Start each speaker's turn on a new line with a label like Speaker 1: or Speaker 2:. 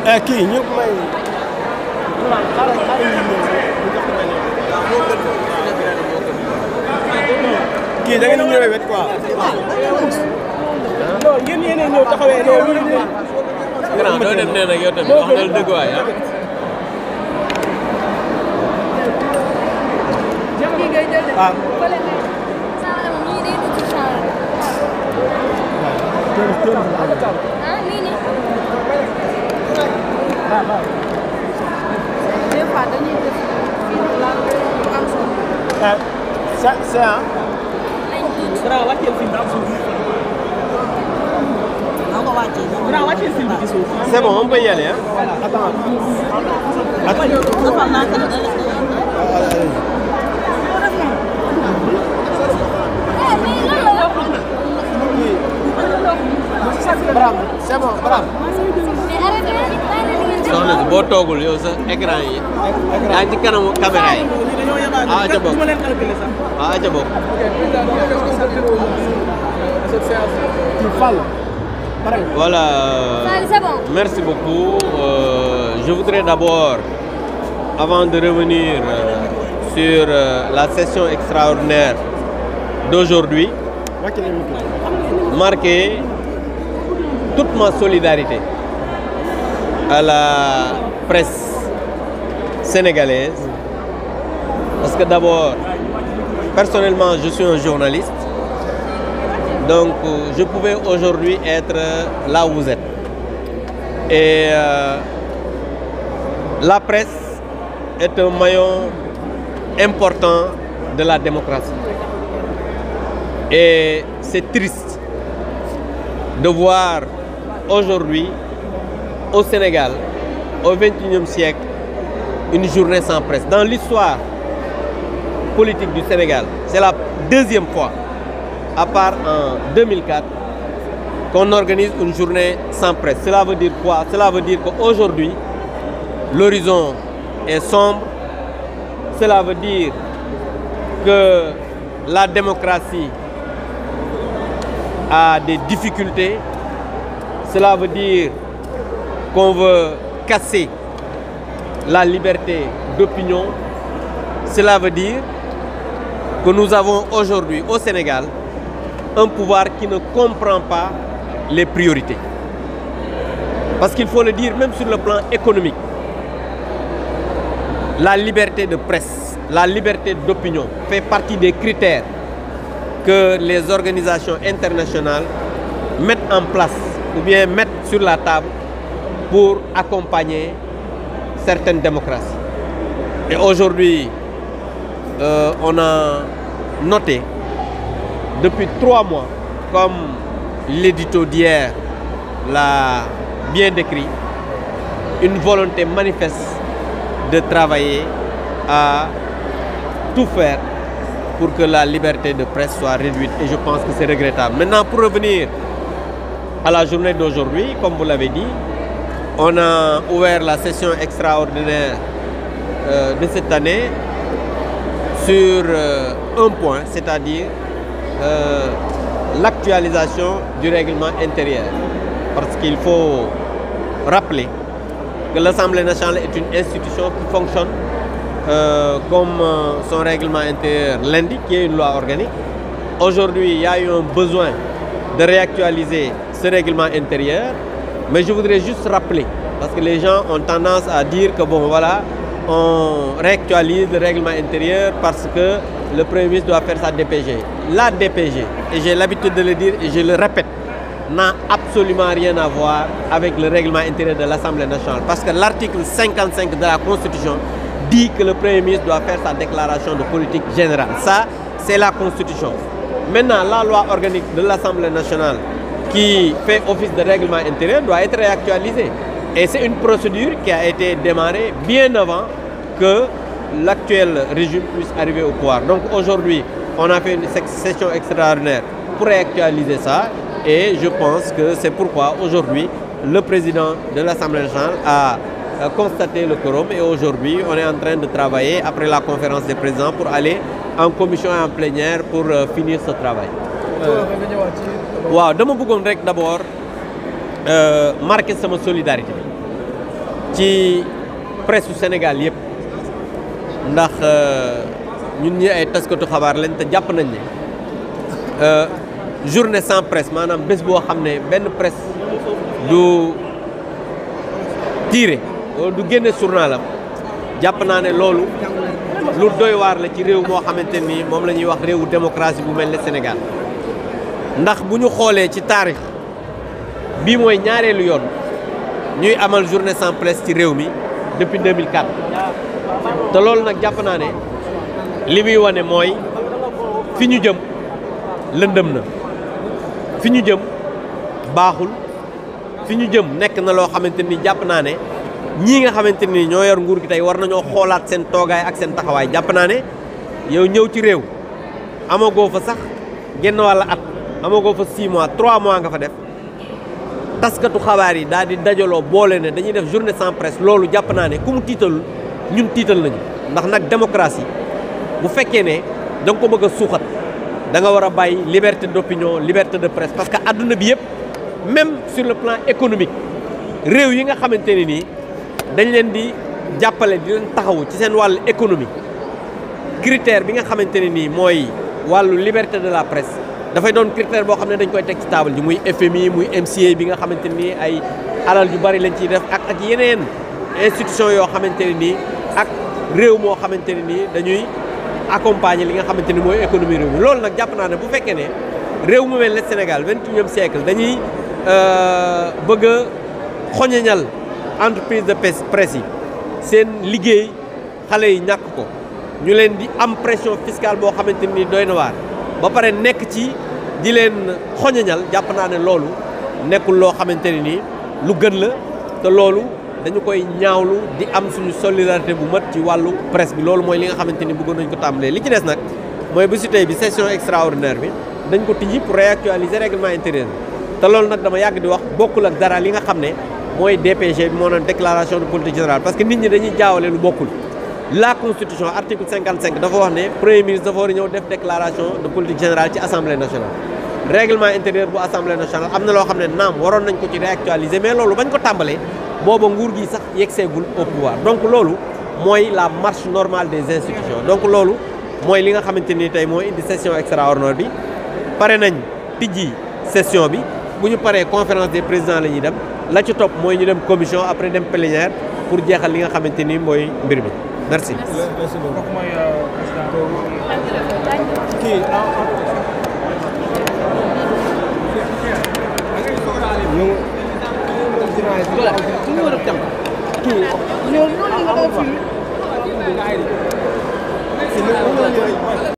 Speaker 1: Eh, kii ñëpp may. kii da ngeen ñëwee wet quoi. non ngeen yéen a ñëw taxawee ne loolu ñu. grand doo dem nee na yow tamit wax nga dëgg waay ah. waaw. Ah. Ah, ah nii nii. É, c'est, É, un... Grava aqui o filme da Grava aqui o filme disso. C'est bon, on peut y aller. Hein? Attends. Attends. Bravo, c'est bon, bravo. Ah, ah, voilà. Merci beaucoup. Euh, je voudrais d'abord, avant de revenir euh, sur euh, la session extraordinaire d'aujourd'hui, marquer toute ma solidarité à la presse sénégalaise. Parce que d'abord, personnellement, je suis un journaliste. Donc, euh, je pouvais aujourd'hui être euh, là où vous êtes. Et euh, la presse est un maillon important de la démocratie. Et c'est triste de voir aujourd'hui au Sénégal, au XXIe siècle, une journée sans presse. Dans l'histoire politique du Sénégal, c'est la deuxième fois, à part en 2004, qu'on organise une journée sans presse. Cela veut dire quoi Cela veut dire qu'aujourd'hui, l'horizon est sombre. Cela veut dire que la démocratie a des difficultés. Cela veut dire qu'on veut casser la liberté d'opinion, cela veut dire que nous avons aujourd'hui au Sénégal un pouvoir qui ne comprend pas les priorités. Parce qu'il faut le dire, même sur le plan économique, la liberté de presse, la liberté d'opinion fait partie des critères que les organisations internationales mettent en place ou bien mettent sur la table pour accompagner certaines démocraties. Et aujourd'hui, euh, on a noté depuis trois mois, comme l'édito d'hier l'a bien décrit, une volonté manifeste de travailler à tout faire pour que la liberté de presse soit réduite et je pense que c'est regrettable. Maintenant, pour revenir à la journée d'aujourd'hui, comme vous l'avez dit, on a ouvert la session extraordinaire euh, de cette année sur euh, un point, c'est-à-dire euh, l'actualisation du règlement intérieur. Parce qu'il faut rappeler que l'Assemblée nationale est une institution qui fonctionne comme son règlement intérieur l'indique, qui est une loi organique. Aujourd'hui, il y a eu un besoin de réactualiser ce règlement intérieur mais je voudrais juste rappeler, parce que les gens ont tendance à dire que bon voilà, on réactualise le règlement intérieur parce que le Premier ministre doit faire sa DPG. La DPG, et j'ai l'habitude de le dire et je le répète, n'a absolument rien à voir avec le règlement intérieur de l'Assemblée nationale. Parce que l'article 55 de la Constitution dit que le Premier ministre doit faire sa déclaration de politique générale. Ça, c'est la Constitution. Maintenant, la loi organique de l'Assemblée nationale qui fait office de règlement intérieur doit être réactualisé. Et c'est une procédure qui a été démarrée bien avant que l'actuel régime puisse arriver au pouvoir. Donc aujourd'hui, on a fait une session extraordinaire pour réactualiser ça et je pense que c'est pourquoi aujourd'hui le président de l'Assemblée nationale a euh, constaté le quorum et aujourd'hui on est en train de travailler après la conférence des présidents pour aller en commission et en plénière pour euh, finir ce travail. Euh, waaw dama bëggoon rek d'abord euh, marquer sama solidarité ci presse su Sénégal yëpp ndax euh, ñun ñi ay taskatu xabaar lañ te jàpp nañ ne euh, journée sans presse maanaam bés boo xam ne benn presse du tiire wala du génne journalam jàpp naa ne loolu lu doy waar la ci réew moo xamante nii moom la ñuy wax réewu démocratie bu mel ne Sénégal ndax bu ñu xoolee ci taarix bii mooy ñaareelu yoon ñuy amal journée sans presse ci réew mi depuis 2004 te loolu nag jàpp naa ne li muy wane mooy fi ñu jëm lëndëm na fi ñu jëm baaxul fi ñu jëm nekk na loo xamante ni jàpp naa ne ñii nga xamante ni ñoo yor nguur gi tey war nañoo xoolaat seen toogaay ak seen taxawaay jàpp naa ne yow ñëw ci réew amagoo fa sax genn wàll at amagoo fa 6 mois 3 mois nga fa def taskatu xabaar yi daal di dajaloo boole ne dañuy def journée sans presse loolu jàpp naa ne ku mu tiitalul ñun tiital nañu ndax nag démocratie bu fekkee ne danga ko bëgg a suuxat da nga war a bàyyi liberté d'opinion liberté de presse parce que àdduna bi yëpp même sur le plan économique réew yi nga xamante ne nii dañ leen di jàppale di leen taxawu ci seen wàll économie critère bi nga xamante ne nii mooy wàllu liberté de la presse dafay doon critère boo xam ne dañ koy teg ci table ji muy FMI muy MCA bi nga xamante ni ay alal yu bari lañ ciy def ak ak yeneen institution yoo xamante ne nii ak réew moo xamante ne nii dañuy accompagner li nga xamante ni mooy économie réew mi loolu nag jàpp naa ne bu fekkee ne réew mu mel ne Sénégal vingt et siècle dañuy euh, bëgg a entreprise de presse yi seen liggéey xale yi ñàkk ko ñu leen di am pression fiscale boo xamante ni doy ba pare nekk ci di leen xoñoñal jàpp naa ne loolu nekkul loo xamante ne nii lu gën la te loolu dañu koy ñaawlu di am suñu solidarité bu mat ci wàllu presse bi loolu mooy li nga xamante ni bëggoon nañu ko tàmbalee li ci des nag mooy bésu tey bi session extraordinaire bi dañ ko tijji pour réactualiser règlement intérieur bi te loolu nag dama yàgg di wax bokkul ak dara li nga xam ne mooy DPG bi moo naan déclaration de politique générale parce que nit ñi dañuy jaawale lu la constitution article 55. le premier ministre dafa faire a déclaration de politique générale de l'Assemblée nationale. règlement intérieur de l'Assemblée nationale il na loo mais ce bañ ko le booba nguur gi sax au pouvoir donc c'est la marche normale des institutions donc c'est ce li nga xamante ni tey session extraordinaire bi exemple, nañ session bi nous conférence des présidents la ci commission après une plénière pour dire li nga xamante ni mooy mbir merci. merci beaucoup.